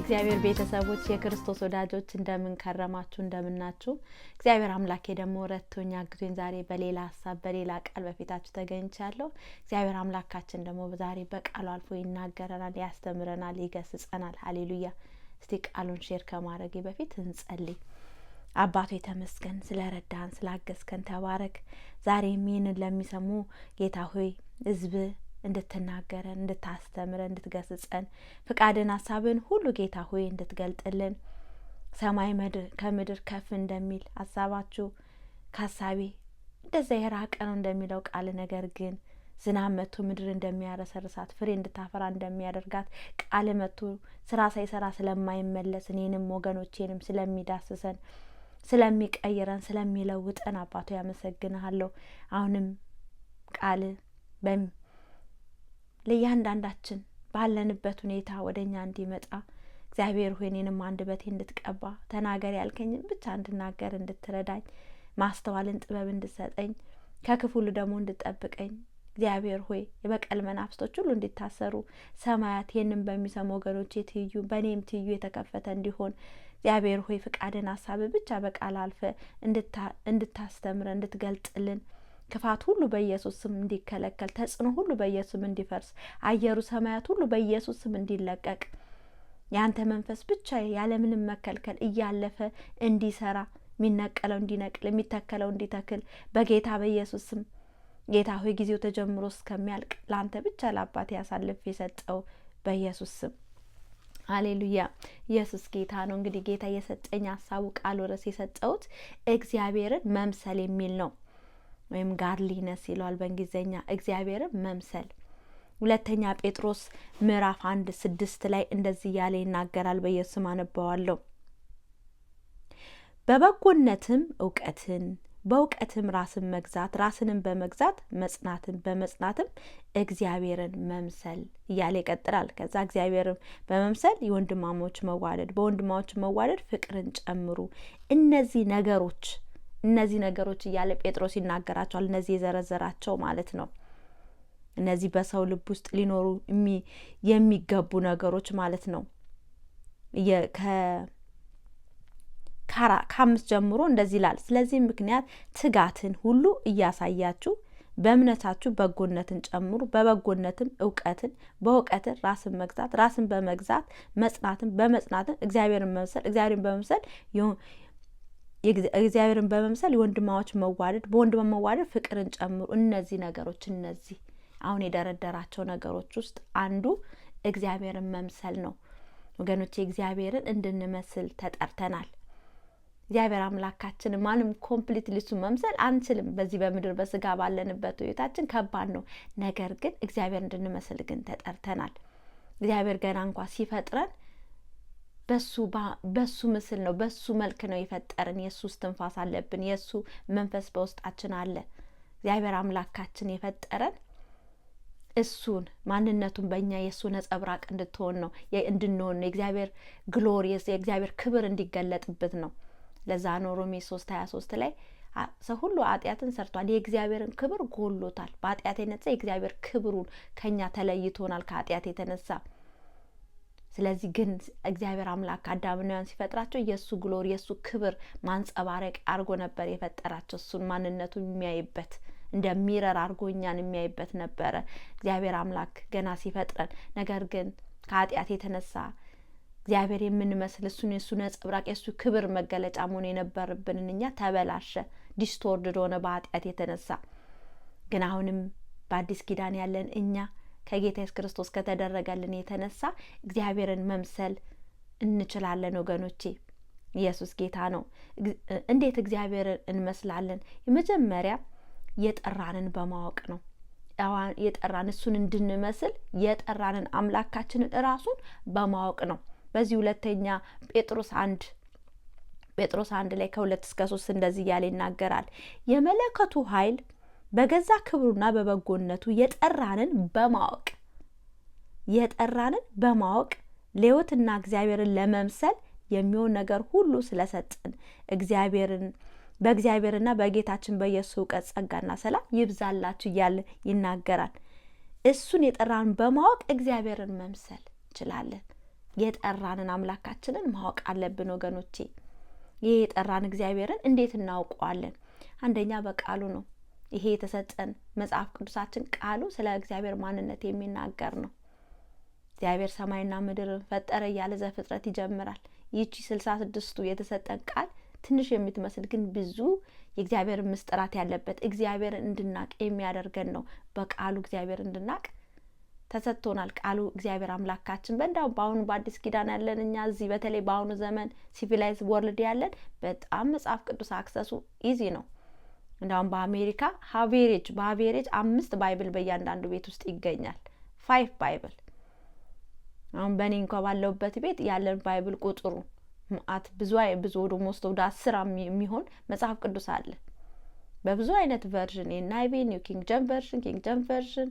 የእግዚአብሔር ቤተሰቦች የክርስቶስ ወዳጆች እንደምንከረማችሁ እንደምናችሁ። እግዚአብሔር አምላኬ ደግሞ ረቶኝ አግዞኝ ዛሬ በሌላ ሀሳብ በሌላ ቃል በፊታችሁ ተገኝቻለሁ። እግዚአብሔር አምላካችን ደግሞ ዛሬ በቃሉ አልፎ ይናገረናል፣ ያስተምረናል፣ ይገስጸናል። ሀሌሉያ። እስቲ ቃሉን ሼር ከማድረጌ በፊት እንጸልይ። አባቶ የተመስገን፣ ስለ ረዳን ስላገዝከን ተባረክ። ዛሬ ይህንን ለሚሰሙ ጌታ ሆይ ህዝብ እንድትናገረን፣ እንድታስተምረን፣ እንድትገስጸን ፍቃድን፣ ሀሳብን ሁሉ ጌታ ሆይ እንድትገልጥልን ሰማይ ከምድር ከፍ እንደሚል ሀሳባችሁ ከሀሳቤ እንደዛ የራቀ ነው እንደሚለው ቃል ነገር ግን ዝናብ መጥቶ ምድር እንደሚያረሰርሳት ፍሬ እንድታፈራ እንደሚያደርጋት ቃል መጥቶ ስራ ሳይሰራ ስለማይመለስ እኔንም ወገኖቼንም ስለሚዳስሰን ስለሚቀይረን ስለሚለውጠን አባቶ ያመሰግንሃለሁ። አሁንም ቃል ለእያንዳንዳችን ባለንበት ሁኔታ ወደ እኛ እንዲመጣ እግዚአብሔር ሆይ እኔንም አንደበቴ እንድትቀባ ተናገር ያልከኝን ብቻ እንድናገር እንድትረዳኝ ማስተዋልን ጥበብ እንድትሰጠኝ ከክፉሉ ደግሞ እንድጠብቀኝ እግዚአብሔር ሆይ የበቀል መናፍስቶች ሁሉ እንዲታሰሩ ሰማያት ይህንም በሚሰሙ ወገኖቼ ትይዩ በእኔም ትይዩ የተከፈተ እንዲሆን እግዚአብሔር ሆይ ፍቃድን ሀሳብ ብቻ በቃል አልፈ እንድታስተምረ እንድትገልጥልን ክፋት ሁሉ በኢየሱስ ስም እንዲከለከል፣ ተጽዕኖ ሁሉ በኢየሱስ ስም እንዲፈርስ፣ አየሩ ሰማያት ሁሉ በኢየሱስ ስም እንዲለቀቅ፣ የአንተ መንፈስ ብቻ ያለምንም መከልከል እያለፈ እንዲሰራ፣ የሚነቀለው እንዲነቅል፣ የሚተከለው እንዲተክል በጌታ በኢየሱስ ስም ጌታ ሆይ ጊዜው ተጀምሮ እስከሚያልቅ ለአንተ ብቻ ለአባቴ ያሳልፍ የሰጠው በኢየሱስ ስም አሌሉያ። ኢየሱስ ጌታ ነው። እንግዲህ ጌታ የሰጠኝ ሀሳቡ ቃል ወረስ የሰጠውት እግዚአብሔርን መምሰል የሚል ነው። ወይም ጋድሊነስ ይለዋል በእንግሊዝኛ እግዚአብሔርን መምሰል። ሁለተኛ ጴጥሮስ ምዕራፍ አንድ ስድስት ላይ እንደዚህ እያለ ይናገራል። በኢየሱስም አነበዋለሁ። በበጎነትም እውቀትን፣ በእውቀትም ራስን መግዛት፣ ራስንም በመግዛት መጽናትን፣ በመጽናትም እግዚአብሔርን መምሰል እያለ ይቀጥላል። ከዛ እግዚአብሔርን በመምሰል የወንድማሞች መዋደድ፣ በወንድማዎች መዋደድ ፍቅርን ጨምሩ። እነዚህ ነገሮች እነዚህ ነገሮች እያለ ጴጥሮስ ይናገራቸዋል። እነዚህ የዘረዘራቸው ማለት ነው። እነዚህ በሰው ልብ ውስጥ ሊኖሩ የሚገቡ ነገሮች ማለት ነው። ከአምስት ጀምሮ እንደዚህ ይላል። ስለዚህ ምክንያት ትጋትን ሁሉ እያሳያችሁ በእምነታችሁ በጎነትን ጨምሩ፣ በበጎነትም እውቀትን፣ በእውቀትን ራስን መግዛት፣ ራስን በመግዛት መጽናትን፣ በመጽናትን እግዚአብሔርን መምሰል፣ እግዚአብሔርን በመምሰል እግዚአብሔርን በመምሰል የወንድማዎች መዋደድ በወንድማ መዋደድ ፍቅርን ጨምሩ። እነዚህ ነገሮች እነዚህ አሁን የደረደራቸው ነገሮች ውስጥ አንዱ እግዚአብሔርን መምሰል ነው። ወገኖች እግዚአብሔርን እንድንመስል ተጠርተናል። እግዚአብሔር አምላካችን ማንም ኮምፕሊት ሊሱ መምሰል አንችልም። በዚህ በምድር በስጋ ባለንበት ህይወታችን ከባድ ነው። ነገር ግን እግዚአብሔር እንድንመስል ግን ተጠርተናል። እግዚአብሔር ገና እንኳ ሲፈጥረን በሱ ምስል ነው፣ በሱ መልክ ነው የፈጠርን። የእሱ እስትንፋስ አለብን። የእሱ መንፈስ በውስጣችን አለ። እግዚአብሔር አምላካችን የፈጠረን እሱን ማንነቱን በእኛ የእሱ ነጸብራቅ እንድትሆን ነው እንድንሆን ነው የእግዚአብሔር ግሎሪየስ የእግዚአብሔር ክብር እንዲገለጥበት ነው። ለዛ ነው ሮሜ ሶስት ሀያ ሶስት ላይ ሰው ሁሉ ኃጢአትን ሰርቷል፣ የእግዚአብሔርን ክብር ጎሎታል። በኃጢአት የነሳ የእግዚአብሔር ክብሩን ከኛ ተለይቶናል ከኃጢአት የተነሳ ስለዚህ ግን እግዚአብሔር አምላክ አዳምናውያን ሲፈጥራቸው የእሱ ግሎሪ የእሱ ክብር ማንጸባረቅ አድርጎ ነበር የፈጠራቸው። እሱን ማንነቱ የሚያይበት ሚረር አድርጎ እኛን የሚያይበት ነበረ እግዚአብሔር አምላክ ገና ሲፈጥረን። ነገር ግን ከኃጢአት የተነሳ እግዚአብሔር የምንመስል እሱን የእሱ ነጸብራቅ የእሱ ክብር መገለጫ መሆን የነበረብንን እኛ ተበላሸ፣ ዲስቶርድድ ሆነ በኃጢአት የተነሳ ግን አሁንም በአዲስ ኪዳን ያለን እኛ ከጌታ ኢየሱስ ክርስቶስ ከተደረገልን የተነሳ እግዚአብሔርን መምሰል እንችላለን ወገኖቼ። ኢየሱስ ጌታ ነው። እንዴት እግዚአብሔርን እንመስላለን? የመጀመሪያ የጠራንን በማወቅ ነው። የጠራን እሱን እንድንመስል የጠራንን አምላካችንን እራሱን በማወቅ ነው። በዚህ ሁለተኛ ጴጥሮስ አንድ ጴጥሮስ አንድ ላይ ከሁለት እስከ ሶስት እንደዚህ እያለ ይናገራል የመለከቱ ኃይል በገዛ ክብሩና በበጎነቱ የጠራንን በማወቅ የጠራንን በማወቅ ለሕይወትና እግዚአብሔርን ለመምሰል የሚሆን ነገር ሁሉ ስለሰጥን እግዚአብሔርን በእግዚአብሔርና በጌታችን በኢየሱስ እውቀት ጸጋና ሰላም ይብዛላችሁ እያለ ይናገራል። እሱን የጠራንን በማወቅ እግዚአብሔርን መምሰል እንችላለን። የጠራንን አምላካችንን ማወቅ አለብን ወገኖቼ። ይህ የጠራን እግዚአብሔርን እንዴት እናውቀዋለን? አንደኛ በቃሉ ነው። ይሄ የተሰጠን መጽሐፍ ቅዱሳችን ቃሉ ስለ እግዚአብሔር ማንነት የሚናገር ነው። እግዚአብሔር ሰማይና ምድርን ፈጠረ እያለ ዘፍጥረት ይጀምራል። ይቺ ስልሳ ስድስቱ የተሰጠን ቃል ትንሽ የምትመስል ግን ብዙ የእግዚአብሔር ምስጢራት ያለበት እግዚአብሔር እንድናቅ የሚያደርገን ነው። በቃሉ እግዚአብሔር እንድናቅ ተሰጥቶናል። ቃሉ እግዚአብሔር አምላካችን በእንዳሁም በአሁኑ በአዲስ ኪዳን ያለን እኛ እዚህ በተለይ በአሁኑ ዘመን ሲቪላይዝ ወርልድ ያለን በጣም መጽሐፍ ቅዱስ አክሰሱ ኢዚ ነው። እንዲሁም በአሜሪካ ሀቬሬጅ በሀቬሬጅ አምስት ባይብል በእያንዳንዱ ቤት ውስጥ ይገኛል። ፋይቭ ባይብል አሁን በእኔ እንኳ ባለሁበት ቤት ያለን ባይብል ቁጥሩ መአት ብዙ ብዙ ወደ ሞስት ወደ አስር የሚሆን መጽሐፍ ቅዱስ አለ። በብዙ አይነት ቨርዥን የናይቤ ኒው ኪንግ ጀም ቨርዥን ኪንግ ጀም ቨርዥን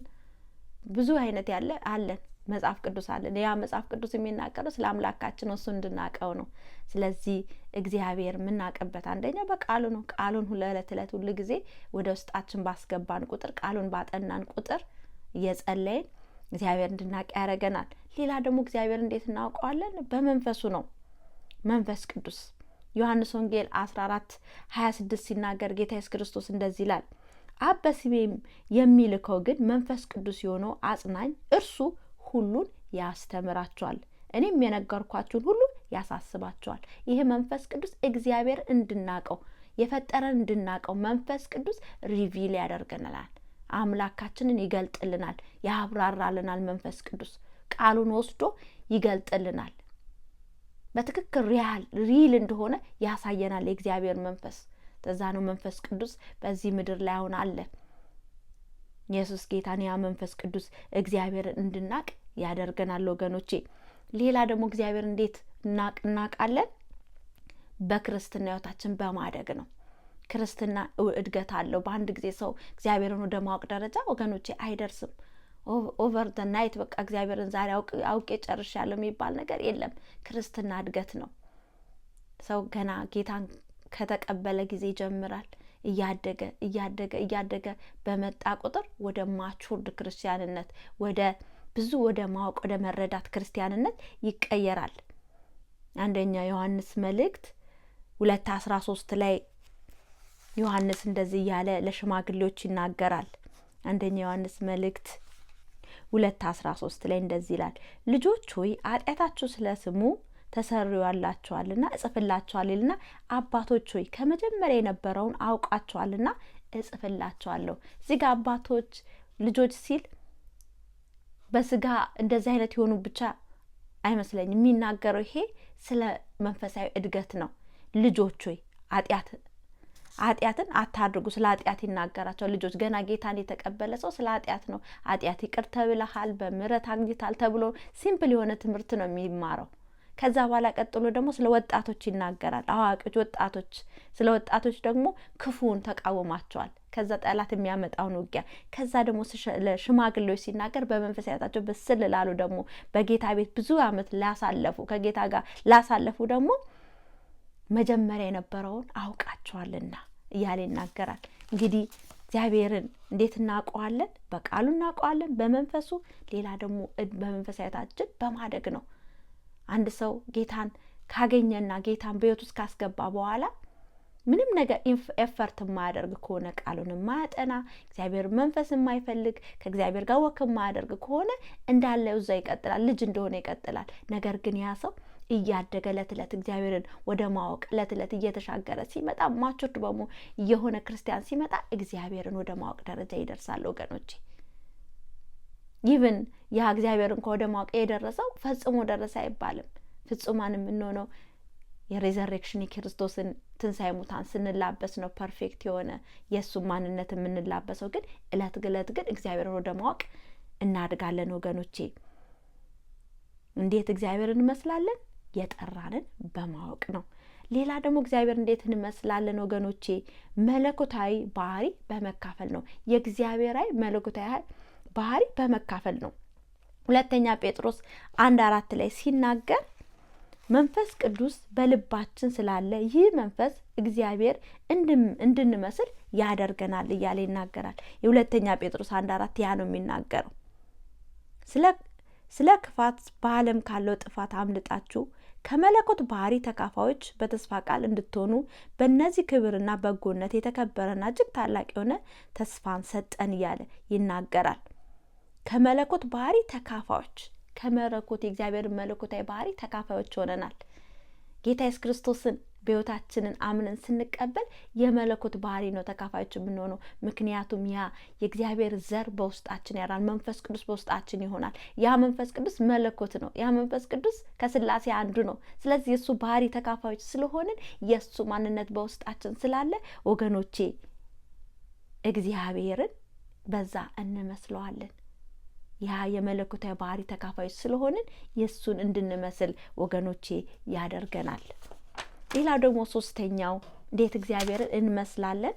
ብዙ አይነት ያለ አለን መጽሐፍ ቅዱስ አለን። ያ መጽሐፍ ቅዱስ የሚናገረው ስለ አምላካችን እሱ እንድናቀው ነው። ስለዚህ እግዚአብሔር የምናቅበት አንደኛው በቃሉ ነው። ቃሉን ለዕለት ዕለት ሁሉ ጊዜ ወደ ውስጣችን ባስገባን ቁጥር፣ ቃሉን ባጠናን ቁጥር፣ እየጸለይን እግዚአብሔር እንድናቀ ያደረገናል። ሌላ ደግሞ እግዚአብሔር እንዴት እናውቀዋለን? በመንፈሱ ነው። መንፈስ ቅዱስ ዮሐንስ ወንጌል 14 26 ሲናገር ጌታ ኢየሱስ ክርስቶስ እንደዚህ ይላል አብ በስሜ የሚልከው ግን መንፈስ ቅዱስ የሆነው አጽናኝ እርሱ ሁሉን ያስተምራቸዋል፣ እኔም የነገርኳችሁን ሁሉ ያሳስባቸዋል። ይህ መንፈስ ቅዱስ እግዚአብሔር እንድናቀው የፈጠረን እንድናቀው መንፈስ ቅዱስ ሪቪል ያደርገናል። አምላካችንን ይገልጥልናል፣ ያብራራልናል። መንፈስ ቅዱስ ቃሉን ወስዶ ይገልጥልናል። በትክክል ሪያል ሪል እንደሆነ ያሳየናል የእግዚአብሔር መንፈስ። ተዛ ነው መንፈስ ቅዱስ በዚህ ምድር ላይ አሁን አለ። ኢየሱስ ጌታን ያ መንፈስ ቅዱስ እግዚአብሔርን እንድናቅ ያደርገናል ወገኖቼ። ሌላ ደግሞ እግዚአብሔር እንዴት እናውቃለን? በክርስትና ሕይወታችን በማደግ ነው። ክርስትና እድገት አለው። በአንድ ጊዜ ሰው እግዚአብሔርን ወደ ማወቅ ደረጃ ወገኖቼ አይደርስም። ኦቨር ደ ናይት በቃ እግዚአብሔርን ዛሬ አውቄ ጨርሻለሁ የሚባል ነገር የለም። ክርስትና እድገት ነው። ሰው ገና ጌታን ከተቀበለ ጊዜ ይጀምራል። እያደገ እያደገ እያደገ በመጣ ቁጥር ወደ ማቹርድ ክርስቲያንነት ወደ ብዙ ወደ ማወቅ ወደ መረዳት ክርስቲያንነት ይቀየራል። አንደኛ ዮሐንስ መልእክት ሁለት አስራ ሶስት ላይ ዮሐንስ እንደዚህ እያለ ለሽማግሌዎች ይናገራል። አንደኛ ዮሐንስ መልእክት ሁለት አስራ ሶስት ላይ እንደዚህ ይላል፣ ልጆች ሆይ ኃጢአታችሁ ስለ ስሙ ተሰርዮላችኋልና እጽፍላችኋል ይልና፣ አባቶች ሆይ ከመጀመሪያ የነበረውን አውቃችኋልና እጽፍላችኋለሁ። እዚህ ጋር አባቶች ልጆች ሲል በስጋ እንደዚህ አይነት የሆኑ ብቻ አይመስለኝ የሚናገረው ይሄ ስለ መንፈሳዊ እድገት ነው። ልጆች ሆይ አጢአት አጢአትን አታድርጉ። ስለ አጢአት ይናገራቸው ልጆች ገና ጌታን የተቀበለ ሰው ስለ አጢአት ነው። አጢአት ይቅር ተብለሃል፣ በምረት አግኝታል ተብሎ ሲምፕል የሆነ ትምህርት ነው የሚማረው። ከዛ በኋላ ቀጥሎ ደግሞ ስለ ወጣቶች ይናገራል። አዋቂዎች ወጣቶች፣ ስለ ወጣቶች ደግሞ ክፉውን ተቃውሟቸዋል። ከዛ ጠላት የሚያመጣውን ውጊያ፣ ከዛ ደግሞ ለሽማግሌዎች ሲናገር በመንፈስ ያታቸው ብስል ላሉ ደግሞ በጌታ ቤት ብዙ ዓመት ላሳለፉ ከጌታ ጋር ላሳለፉ ደግሞ መጀመሪያ የነበረውን አውቃቸዋልና እያለ ይናገራል። እንግዲህ እግዚአብሔርን እንዴት እናውቀዋለን? በቃሉ እናውቀዋለን፣ በመንፈሱ ሌላ ደግሞ በመንፈሳዊታችን በማደግ ነው። አንድ ሰው ጌታን ካገኘና ጌታን በህይወት ውስጥ ካስገባ በኋላ ምንም ነገር ኤፈርት የማያደርግ ከሆነ ቃሉን የማያጠና እግዚአብሔር መንፈስ የማይፈልግ ከእግዚአብሔር ጋር ወክ የማያደርግ ከሆነ እንዳለ እዛ ይቀጥላል፣ ልጅ እንደሆነ ይቀጥላል። ነገር ግን ያ ሰው እያደገ እለት እለት እግዚአብሔርን ወደ ማወቅ እለት እለት እየተሻገረ ሲመጣ ማቾድ በሞ እየሆነ ክርስቲያን ሲመጣ እግዚአብሔርን ወደ ማወቅ ደረጃ ይደርሳል ወገኖቼ። ይብን ያ እግዚአብሔርን ከወደ ማወቅ የደረሰው ፈጽሞ ደረሰ አይባልም። ፍጹማን የምንሆነው የሬዘሬክሽን የክርስቶስን ትንሣኤ ሙታን ስንላበስ ነው። ፐርፌክት የሆነ የእሱን ማንነት የምንላበሰው ግን እለት ግለት ግን እግዚአብሔርን ወደ ማወቅ እናድጋለን ወገኖቼ። እንዴት እግዚአብሔር እንመስላለን? የጠራንን በማወቅ ነው። ሌላ ደግሞ እግዚአብሔር እንዴት እንመስላለን ወገኖቼ? መለኮታዊ ባህሪ በመካፈል ነው። የእግዚአብሔራዊ መለኮታዊ መለኮታዊ ባህሪ በመካፈል ነው። ሁለተኛ ጴጥሮስ አንድ አራት ላይ ሲናገር መንፈስ ቅዱስ በልባችን ስላለ ይህ መንፈስ እግዚአብሔር እንድንመስል ያደርገናል እያለ ይናገራል። የሁለተኛ ጴጥሮስ አንድ አራት ያ ነው የሚናገረው። ስለ ክፋት በዓለም ካለው ጥፋት አምልጣችሁ ከመለኮት ባህሪ ተካፋዮች በተስፋ ቃል እንድትሆኑ በእነዚህ ክብርና በጎነት የተከበረና እጅግ ታላቅ የሆነ ተስፋን ሰጠን እያለ ይናገራል። ከመለኮት ባህሪ ተካፋዮች ከመለኮት የእግዚአብሔር መለኮታዊ ባህሪ ተካፋዮች ሆነናል። ጌታ ኢየሱስ ክርስቶስን በሕይወታችንን አምነን ስንቀበል የመለኮት ባህሪ ነው ተካፋዮች የምንሆነው። ምክንያቱም ያ የእግዚአብሔር ዘር በውስጣችን ያራል፣ መንፈስ ቅዱስ በውስጣችን ይሆናል። ያ መንፈስ ቅዱስ መለኮት ነው። ያ መንፈስ ቅዱስ ከስላሴ አንዱ ነው። ስለዚህ የእሱ ባህሪ ተካፋዮች ስለሆንን የእሱ ማንነት በውስጣችን ስላለ ወገኖቼ እግዚአብሔርን በዛ እንመስለዋለን። ያ የመለኮታዊ ባህሪ ተካፋዮች ስለሆንን የእሱን እንድንመስል ወገኖቼ ያደርገናል። ሌላው ደግሞ ሶስተኛው እንዴት እግዚአብሔርን እንመስላለን?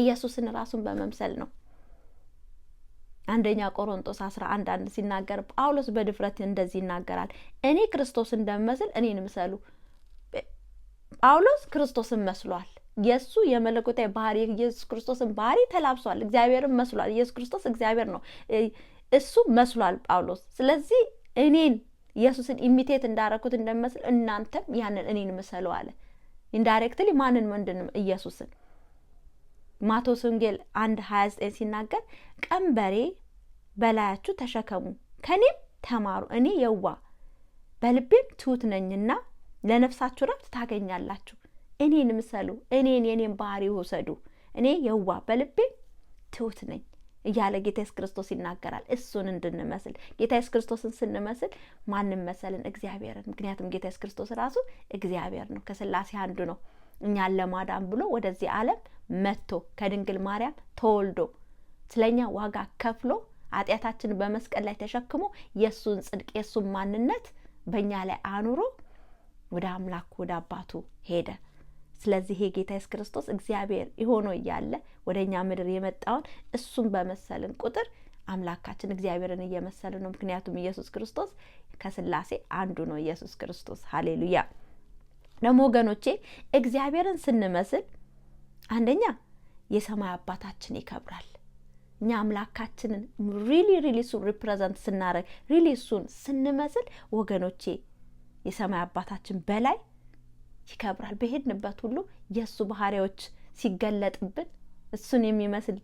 ኢየሱስን ራሱን በመምሰል ነው። አንደኛ ቆሮንጦስ አስራ አንድ አንድ ሲናገር ጳውሎስ በድፍረት እንደዚህ ይናገራል፣ እኔ ክርስቶስ እንደምመስል እኔን ምሰሉ። ጳውሎስ ክርስቶስን መስሏል። የእሱ የመለኮታዊ ባህሪ የኢየሱስ ክርስቶስን ባህሪ ተላብሷል። እግዚአብሔርን መስሏል። ኢየሱስ ክርስቶስ እግዚአብሔር ነው፣ እሱ መስሏል ጳውሎስ። ስለዚህ እኔን ኢየሱስን ኢሚቴት እንዳረኩት እንደመስል እናንተም ያንን እኔን ምሰሉ አለ። ኢንዳይሬክትሊ ማንን? ምንድንም ኢየሱስን። ማቴዎስ ወንጌል አንድ ሀያ ዘጠኝ ሲናገር ቀንበሬ በላያችሁ ተሸከሙ ከእኔም ተማሩ እኔ የዋ በልቤም ትሁት ነኝና ለነፍሳችሁ ረብት ታገኛላችሁ እኔን ምሰሉ፣ እኔን የኔን ባህሪ ውሰዱ፣ እኔ የዋ በልቤ ትሁት ነኝ እያለ ጌታ ኢየሱስ ክርስቶስ ይናገራል። እሱን እንድንመስል ጌታ ኢየሱስ ክርስቶስን ስንመስል ማንም መሰልን እግዚአብሔርን። ምክንያቱም ጌታ ኢየሱስ ክርስቶስ ራሱ እግዚአብሔር ነው፣ ከስላሴ አንዱ ነው። እኛን ለማዳን ብሎ ወደዚህ ዓለም መጥቶ ከድንግል ማርያም ተወልዶ ስለኛ ዋጋ ከፍሎ ኃጢአታችንን በመስቀል ላይ ተሸክሞ የእሱን ጽድቅ የእሱን ማንነት በእኛ ላይ አኑሮ ወደ አምላኩ ወደ አባቱ ሄደ። ስለዚህ የጌታ ኢየሱስ ክርስቶስ እግዚአብሔር ሆኖ እያለ ወደ እኛ ምድር የመጣውን እሱን በመሰልን ቁጥር አምላካችን እግዚአብሔርን እየመሰልን ነው። ምክንያቱም ኢየሱስ ክርስቶስ ከስላሴ አንዱ ነው። ኢየሱስ ክርስቶስ ሀሌሉያ። ደግሞ ወገኖቼ እግዚአብሔርን ስንመስል አንደኛ የሰማይ አባታችን ይከብራል። እኛ አምላካችንን ሪሊ ሪሊ እሱን ሪፕሬዘንት ስናደረግ ሪሊ እሱን ስንመስል ወገኖቼ የሰማይ አባታችን በላይ ይከብራል። በሄድንበት ሁሉ የእሱ ባህሪዎች ሲገለጥብን፣ እሱን የሚመስል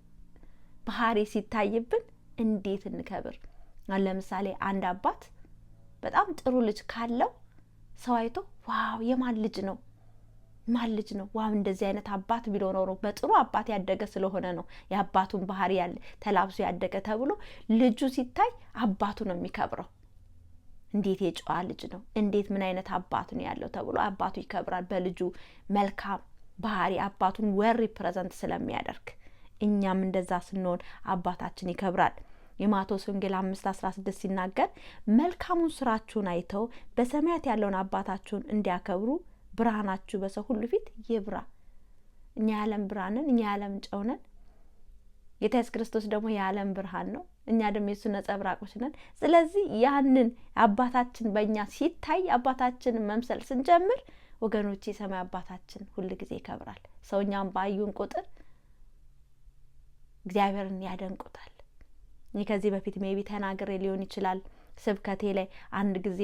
ባህሪ ሲታይብን እንዴት እንከብር። ለምሳሌ አንድ አባት በጣም ጥሩ ልጅ ካለው ሰው አይቶ ዋው የማን ልጅ ነው ማን ልጅ ነው ዋው እንደዚህ አይነት አባት ቢሎ ኖሮ በጥሩ አባት ያደገ ስለሆነ ነው የአባቱን ባህሪ ያለ ተላብሶ ያደገ ተብሎ ልጁ ሲታይ አባቱ ነው የሚከብረው። እንዴት የጨዋ ልጅ ነው፣ እንዴት ምን አይነት አባት ነው ያለው ተብሎ አባቱ ይከብራል። በልጁ መልካም ባህሪ አባቱን ወር ፕረዘንት ስለሚያደርግ እኛም እንደዛ ስንሆን አባታችን ይከብራል። የማቴዎስ ወንጌል አምስት አስራ ስድስት ሲናገር መልካሙን ስራችሁን አይተው በሰማያት ያለውን አባታችሁን እንዲያከብሩ ብርሃናችሁ በሰው ሁሉ ፊት ይብራ። እኛ የዓለም ብርሃንን እኛ የዓለም ጨውነን ጌታ ኢየሱስ ክርስቶስ ደግሞ የዓለም ብርሃን ነው። እኛ ደግሞ የእሱ ነጸብራቆች ነን። ስለዚህ ያንን አባታችን በእኛ ሲታይ አባታችንን መምሰል ስንጀምር ወገኖች የሰማይ አባታችን ሁል ጊዜ ይከብራል። ሰው እኛም ባዩን ቁጥር እግዚአብሔርን ያደንቁታል። እኔ ከዚህ በፊት ሜቢ ተናግሬ ሊሆን ይችላል ስብከቴ ላይ አንድ ጊዜ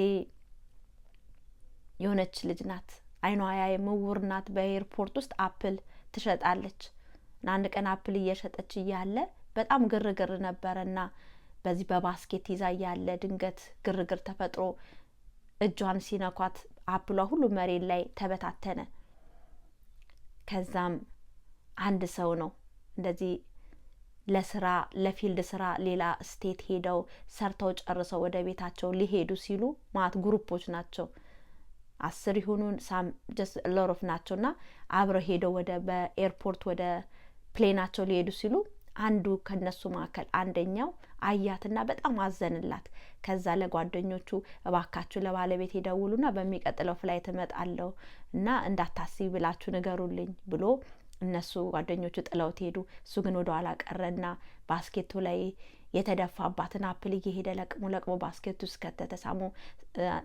የሆነች ልጅ ናት፣ አይኗ ምውር ናት። በኤርፖርት ውስጥ አፕል ትሸጣለች ለአንድ ቀን አፕል እየሸጠች እያለ በጣም ግርግር ነበረና በዚህ በባስኬት ይዛ እያለ ድንገት ግርግር ተፈጥሮ እጇን ሲነኳት አፕሏ ሁሉ መሬት ላይ ተበታተነ። ከዛም አንድ ሰው ነው እንደዚህ ለስራ ለፊልድ ስራ ሌላ ስቴት ሄደው ሰርተው ጨርሰው ወደ ቤታቸው ሊሄዱ ሲሉ ማለት ግሩፖች ናቸው አስር ይሁኑን ሳም ጀስ ሎሮፍ ናቸው ና አብረው ሄደው ወደ በኤርፖርት ወደ ፕሌናቸው ሊሄዱ ሲሉ አንዱ ከነሱ መካከል አንደኛው አያትና በጣም አዘንላት። ከዛ ለጓደኞቹ እባካችሁ ለባለቤት የደውሉና በሚቀጥለው ፍላይት እመጣለሁ እና እንዳታስቢ ብላችሁ ንገሩልኝ ብሎ እነሱ ጓደኞቹ ጥለውት ሄዱ። እሱ ግን ወደ ኋላ ቀረና ባስኬቱ ላይ የተደፋባትን አፕል እየሄደ ለቅሞ ለቅሞ ባስኬቱ ውስጥ ሳሞ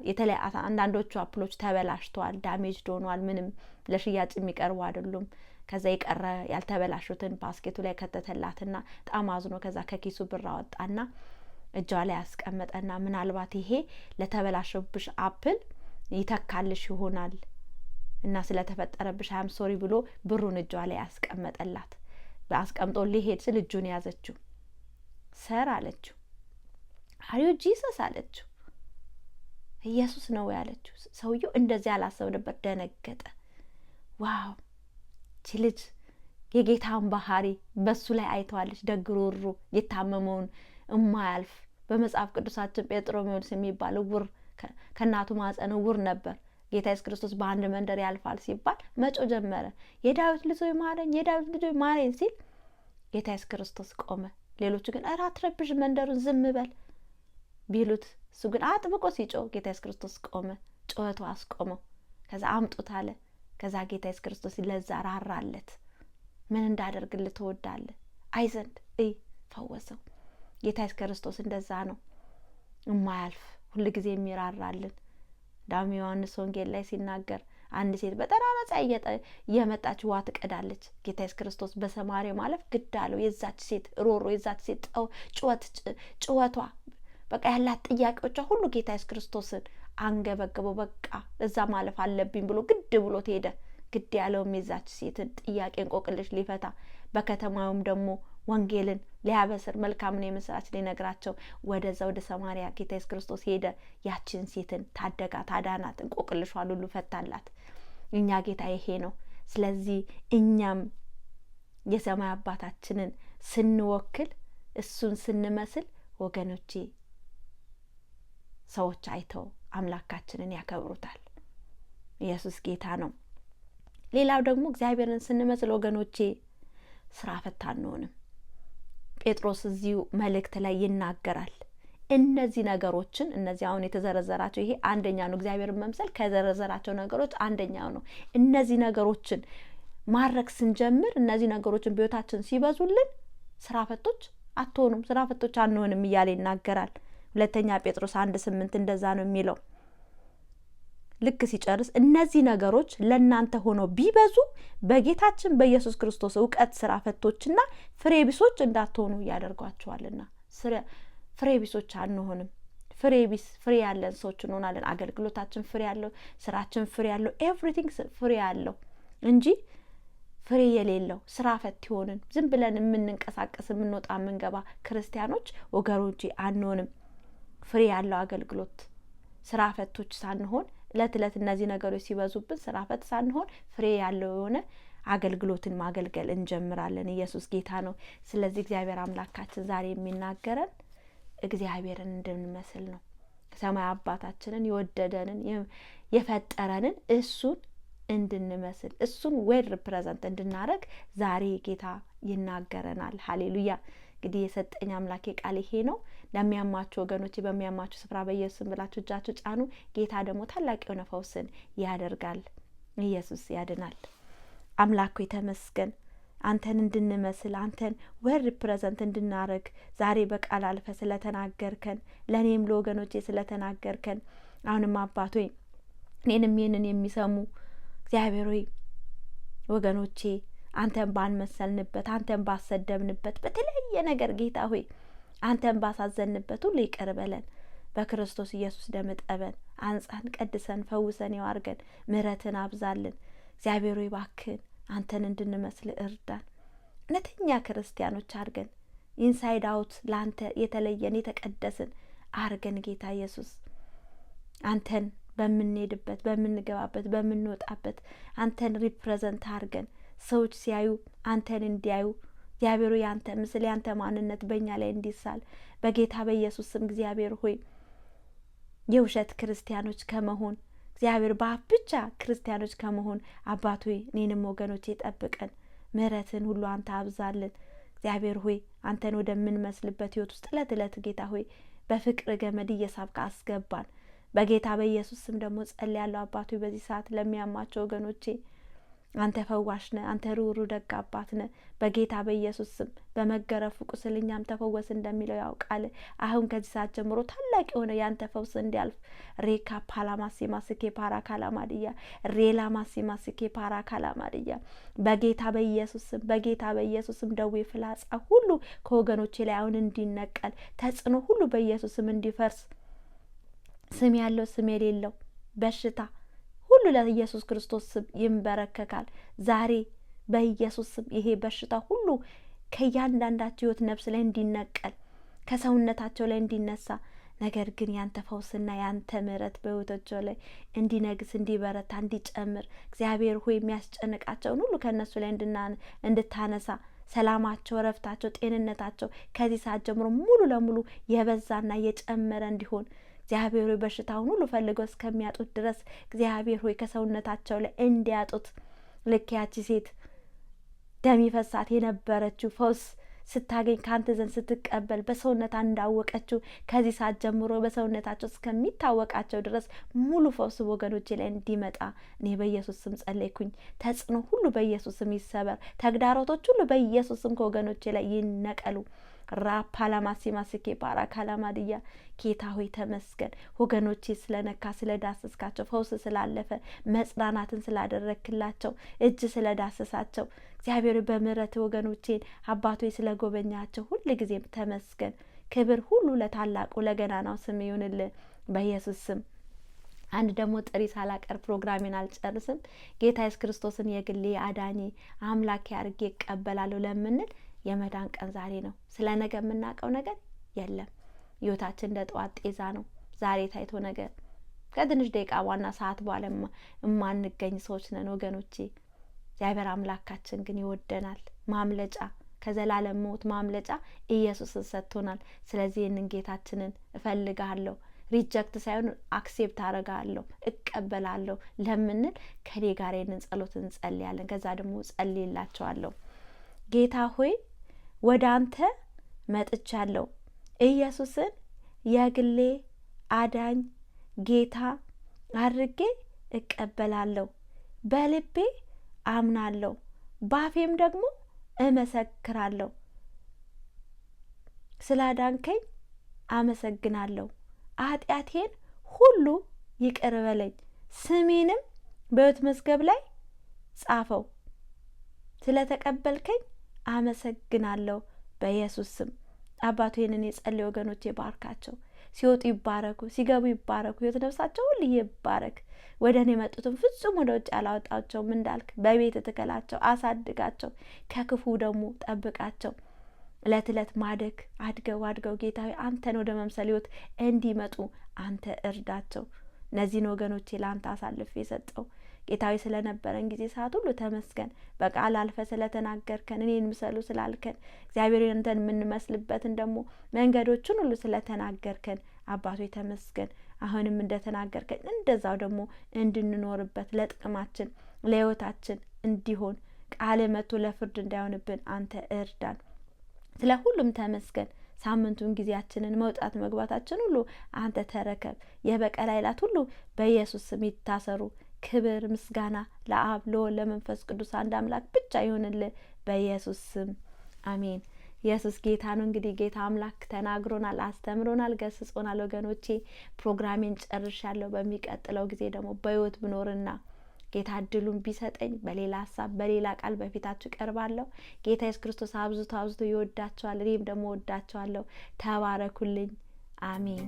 የተለያ አንዳንዶቹ አፕሎች ተበላሽተዋል፣ ዳሜጅ ዶኗል፣ ምንም ለሽያጭ የሚቀርቡ አይደሉም። ከዛ የቀረ ያልተበላሹትን ባስኬቱ ላይ ከተተላትና ጣም አዝኖ ከዛ ከኪሱ ብር አወጣና እጇ ላይ ያስቀመጠና ምናልባት ይሄ ለተበላሸብሽ አፕል ይተካልሽ ይሆናል እና ስለተፈጠረብሽ አያም ሶሪ ብሎ ብሩን እጇ ላይ ያስቀመጠላት። አስቀምጦ ሊሄድ ስል እጁን ያዘችው። ሰር አለችው። አሪዮ ጂሰስ አለችው። ኢየሱስ ነው ያለችው። ሰውየው እንደዚህ አላሰብ ነበር፣ ደነገጠ። ዋው ይቺ ልጅ የጌታን ባህሪ በእሱ ላይ አይተዋለች። ደግሮሮ የታመመውን እማያልፍ በመጽሐፍ ቅዱሳችን ጴጥሮሜዎስ የሚባል እውር ከእናቱ ማፀን እውር ነበር። ጌታ ኢየሱስ ክርስቶስ በአንድ መንደር ያልፋል ሲባል መጮ ጀመረ። የዳዊት ልጅ ሆይ ማረኝ፣ የዳዊት ልጅ ሆይ ማረኝ ሲል ጌታ ኢየሱስ ክርስቶስ ቆመ። ሌሎቹ ግን ኧረ አትረብሽ መንደሩን ዝም በል ቢሉት እሱ ግን አጥብቆ ሲጮ ጌታ ኢየሱስ ክርስቶስ ቆመ። ጩኸቱ አስቆመው። ከዛ አምጡት አለ። ከዛ ጌታ ኢየሱስ ክርስቶስ ለዛ ራራለት። ምን እንዳደርግልህ ትወዳለህ? አይ ዘንድ እይ ፈወሰው። ጌታ ኢየሱስ ክርስቶስ እንደዛ ነው እማያልፍ ሁልጊዜ የሚራራልን። ዳም ዮሐንስ ወንጌል ላይ ሲናገር አንድ ሴት በጠራራ ፀሐይ እየመጣች ውሃ ትቀዳለች። ጌታ ኢየሱስ ክርስቶስ በሰማሪያ ማለፍ ግድ አለው። የዛች ሴት ሮሮ፣ የዛች ሴት ጩኸት፣ ጭወቷ፣ በቃ ያላት ጥያቄዎቿ ሁሉ ጌታ ኢየሱስ ክርስቶስን አንገበገበው። በቃ እዛ ማለፍ አለብኝ ብሎ ግድ ብሎት ሄደ። ግድ ያለውም የዛች ሴትን ጥያቄ እንቆቅልሽ ሊፈታ በከተማውም ደግሞ ወንጌልን ሊያበስር መልካምን የምስራች ሊነግራቸው ወደዛ ወደ ሰማሪያ ጌታ ኢየሱስ ክርስቶስ ሄደ። ያችን ሴትን ታደጋት፣ አዳናት፣ እንቆቅልሿን ሁሉ ፈታላት። እኛ ጌታ ይሄ ነው። ስለዚህ እኛም የሰማይ አባታችንን ስንወክል እሱን ስንመስል ወገኖቼ ሰዎች አይተው አምላካችንን ያከብሩታል። ኢየሱስ ጌታ ነው። ሌላው ደግሞ እግዚአብሔርን ስንመስል ወገኖቼ ስራ ፈታ አንሆንም። ጴጥሮስ እዚሁ መልእክት ላይ ይናገራል። እነዚህ ነገሮችን እነዚህ አሁን የተዘረዘራቸው ይሄ አንደኛ ነው። እግዚአብሔርን መምሰል ከዘረዘራቸው ነገሮች አንደኛው ነው። እነዚህ ነገሮችን ማድረግ ስንጀምር እነዚህ ነገሮችን በሕይወታችን ሲበዙልን ስራ ፈቶች አትሆኑም፣ ስራ ፈቶች አንሆንም እያለ ይናገራል። ሁለተኛ ጴጥሮስ አንድ ስምንት እንደዛ ነው የሚለው። ልክ ሲጨርስ እነዚህ ነገሮች ለእናንተ ሆነው ቢበዙ በጌታችን በኢየሱስ ክርስቶስ እውቀት ስራ ፈቶችና ፍሬ ቢሶች እንዳትሆኑ እያደርጓቸዋልና ፍሬ ቢሶች አንሆንም። ፍሬ ቢስ ፍሬ ያለን ሰዎች እንሆናለን። አገልግሎታችን ፍሬ ያለው፣ ስራችን ፍሬ ያለው፣ ኤቭሪቲንግ ፍሬ ያለው እንጂ ፍሬ የሌለው ስራ ፈት ሆንን። ዝም ብለን የምንንቀሳቀስ የምንወጣ የምንገባ ክርስቲያኖች ወገኖቼ አንሆንም። ፍሬ ያለው አገልግሎት ስራ ፈቶች ሳንሆን እለት እለት እነዚህ ነገሮች ሲበዙብን ስራ ፈት ሳንሆን ፍሬ ያለው የሆነ አገልግሎትን ማገልገል እንጀምራለን። ኢየሱስ ጌታ ነው። ስለዚህ እግዚአብሔር አምላካችን ዛሬ የሚናገረን እግዚአብሔርን እንድንመስል ነው። ሰማይ አባታችንን የወደደንን የፈጠረንን እሱን እንድንመስል እሱን ዌል ሪፕሬዘንት እንድናደረግ ዛሬ ጌታ ይናገረናል። ሀሌሉያ። እንግዲህ የሰጠኝ አምላኬ ቃል ይሄ ነው። ለሚያማቸው ወገኖች በሚያማቸው ስፍራ በኢየሱስ ብላችሁ እጃችሁ ጫኑ። ጌታ ደግሞ ታላቅ የሆነ ፈውስን ያደርጋል። ኢየሱስ ያድናል። አምላኩ የተመስገን። አንተን እንድንመስል አንተን ወርድ ፕሬዘንት እንድናረግ ዛሬ በቃል አልፈ ስለተናገርከን ለእኔም ለወገኖቼ ስለተናገርከን አሁንም አባት ሆይ እኔንም ይህንን የሚሰሙ እግዚአብሔር ሆይ ወገኖቼ አንተን ባንመሰልንበት አንተን ባሰደብንበት በተለያየ ነገር ጌታ ሆይ አንተን ባሳዘንበት ሁሉ ይቅር በለን። በክርስቶስ ኢየሱስ ደም እጠበን፣ አንጻን፣ ቀድሰን፣ ፈውሰን፣ የው አድርገን፣ ምሕረትን አብዛልን። እግዚአብሔር ይባክን አንተን እንድንመስል እርዳን። እውነተኛ ክርስቲያኖች አድርገን፣ ኢንሳይድ አውት ለአንተ የተለየን የተቀደስን አርገን ጌታ ኢየሱስ አንተን በምንሄድበት በምንገባበት በምንወጣበት አንተን ሪፕሬዘንት አድርገን ሰዎች ሲያዩ አንተን እንዲያዩ እግዚአብሔሩ ያንተ ምስል ያንተ ማንነት በእኛ ላይ እንዲሳል በጌታ በኢየሱስ ስም እግዚአብሔር ሆይ የውሸት ክርስቲያኖች ከመሆን እግዚአብሔር በአፍ ብቻ ክርስቲያኖች ከመሆን አባት ሆይ እኔንም ወገኖች ጠብቀን፣ ምሕረትን ሁሉ አንተ አብዛልን። እግዚአብሔር ሆይ አንተን ወደምንመስልበት ህይወት ውስጥ እለት እለት ጌታ ሆይ በፍቅር ገመድ እየሳብክ አስገባን። በጌታ በኢየሱስ ስም ደግሞ ጸልያለሁ። አባቱ በዚህ ሰዓት ለሚያማቸው ወገኖቼ አንተ ፈዋሽ ነ አንተ ሩሩ ደግ አባት ነ በጌታ በኢየሱስ ስም በመገረፉ ቁስልኛም ተፈወስ እንደሚለው ያውቃል። አሁን ከዚህ ሰዓት ጀምሮ ታላቅ የሆነ ያንተ ፈውስ እንዲያልፍ ሬካ ፓላማሴ ማስኬ ፓራ ካላማድያ ሬላ ማሴ ማስኬ ፓራ ካላማድያ በጌታ በኢየሱስ ስም በጌታ በኢየሱስ ስም ደዌ ፍላጻ ሁሉ ከወገኖቼ ላይ አሁን እንዲነቀል ተጽዕኖ ሁሉ በኢየሱስ ስም እንዲፈርስ ስም ያለው ስም የሌለው በሽታ ሁሉ ለኢየሱስ ክርስቶስ ስም ይንበረከካል። ዛሬ በኢየሱስ ስም ይሄ በሽታ ሁሉ ከእያንዳንዳቸው ህይወት ነፍስ ላይ እንዲነቀል ከሰውነታቸው ላይ እንዲነሳ ነገር ግን ያንተ ፈውስና ያንተ ምሕረት በሕይወታቸው ላይ እንዲነግስ እንዲበረታ እንዲጨምር እግዚአብሔር ሆይ የሚያስጨንቃቸውን ሁሉ ከእነሱ ላይ እንድታነሳ ሰላማቸው፣ ረፍታቸው፣ ጤንነታቸው ከዚህ ሰዓት ጀምሮ ሙሉ ለሙሉ የበዛና የጨመረ እንዲሆን እግዚአብሔር ሆይ በሽታውን ሁሉ ፈልገው እስከሚያጡት ድረስ እግዚአብሔር ሆይ ከሰውነታቸው ላይ እንዲያጡት ልክ ያቺ ሴት ደም ይፈሳት የነበረችው ፈውስ ስታገኝ ከአንተ ዘንድ ስትቀበል በሰውነታ እንዳወቀችው ከዚህ ሰዓት ጀምሮ በሰውነታቸው እስከሚታወቃቸው ድረስ ሙሉ ፈውስ ወገኖቼ ላይ እንዲመጣ እኔ በኢየሱስ ስም ጸለይኩኝ። ተጽዕኖ ሁሉ በኢየሱስ ስም ይሰበር። ተግዳሮቶች ሁሉ በኢየሱስ ስም ከወገኖቼ ላይ ይነቀሉ። ራፓላማሲማስኬ ፓራካላማድያ ጌታ ሆይ ተመስገን። ወገኖቼ ስለነካ ስለዳሰስካቸው፣ ፈውስ ስላለፈ፣ መጽናናትን ስላደረክላቸው፣ እጅ ስለዳሰሳቸው እግዚአብሔር በምረት ወገኖቼን አባቶች ስለ ጎበኛቸው ሁል ጊዜም ተመስገን። ክብር ሁሉ ለታላቁ ለገናናው ስም ይሁንልን በኢየሱስ ስም። አንድ ደግሞ ጥሪ ሳላቀር ፕሮግራሜን አልጨርስም። ጌታ ኢየሱስ ክርስቶስን የግሌ አዳኜ አምላኬ አድርጌ ይቀበላለሁ ለምንል የመዳን ቀን ዛሬ ነው። ስለ ነገ የምናውቀው ነገር የለም። ህይወታችን እንደ ጠዋት ጤዛ ነው። ዛሬ ታይቶ ነገር ከትንሽ ደቂቃ ዋና ሰዓት በኋላ የማንገኝ ሰዎች ነን ወገኖቼ። እግዚአብሔር አምላካችን ግን ይወደናል። ማምለጫ ከዘላለም ሞት ማምለጫ ኢየሱስን ሰጥቶናል። ስለዚህ ይህንን ጌታችንን እፈልጋለሁ ሪጀክት ሳይሆን አክሴፕት አረጋለሁ እቀበላለሁ ለምንል ከኔ ጋር ይህንን ጸሎት እንጸልያለን። ከዛ ደግሞ ጸልይላቸዋለሁ። ጌታ ሆይ ወደ አንተ መጥቻለሁ። ኢየሱስን የግሌ አዳኝ ጌታ አድርጌ እቀበላለሁ። በልቤ አምናለሁ፣ ባፌም ደግሞ እመሰክራለሁ። ስላዳንከኝ አመሰግናለሁ። ኃጢአቴን ሁሉ ይቅር በለኝ፣ ስሜንም በሕይወት መዝገብ ላይ ጻፈው። ስለተቀበልከኝ አመሰግናለሁ በኢየሱስ ስም። አባቱ ይህንን የጸለዩ ወገኖች ባርካቸው። ሲወጡ ይባረኩ፣ ሲገቡ ይባረኩ፣ ህይወት ነፍሳቸው ሁሉ ይባረክ። ወደ እኔ የመጡትም ፍጹም ወደ ውጭ አላወጣቸውም እንዳልክ በቤት ትክላቸው፣ አሳድጋቸው፣ ከክፉ ደግሞ ጠብቃቸው። እለት እለት ማደግ አድገው አድገው ጌታዊ አንተን ወደ መምሰል ህይወት እንዲመጡ አንተ እርዳቸው። እነዚህን ወገኖቼ ለአንተ አሳልፍ የሰጠው ጌታዊ ስለነበረን ጊዜ ሰዓት ሁሉ ተመስገን። በቃል አልፈ ስለተናገርከን፣ እኔን ምሰሉ ስላልከን፣ እግዚአብሔር አንተን የምንመስልበትን ደግሞ መንገዶችን ሁሉ ስለተናገርከን አባቶ ተመስገን። አሁንም እንደተናገርከን እንደዛው ደግሞ እንድንኖርበት ለጥቅማችን ለህይወታችን እንዲሆን ቃል መጥቶ ለፍርድ እንዳይሆንብን አንተ እርዳን። ስለ ሁሉም ተመስገን። ሳምንቱን ጊዜያችንን መውጣት መግባታችን ሁሉ አንተ ተረከብ። የበቀል ኃይላት ሁሉ በኢየሱስ ስም ይታሰሩ። ክብር ምስጋና ለአብ ለወልድ ለመንፈስ ቅዱስ አንድ አምላክ ብቻ ይሆንልን በኢየሱስ ስም አሜን። ኢየሱስ ጌታ ነው። እንግዲህ ጌታ አምላክ ተናግሮናል፣ አስተምሮናል፣ ገስጾናል። ወገኖቼ ፕሮግራሜን ጨርሻለሁ። በሚቀጥለው ጊዜ ደግሞ በህይወት ብኖርና ጌታ እድሉን ቢሰጠኝ በሌላ ሀሳብ በሌላ ቃል በፊታችሁ ቀርባለሁ። ጌታ ኢየሱስ ክርስቶስ አብዝቶ አብዝቶ ይወዳቸዋል። እኔም ደግሞ ወዳቸዋለሁ። ተባረኩልኝ። አሜን።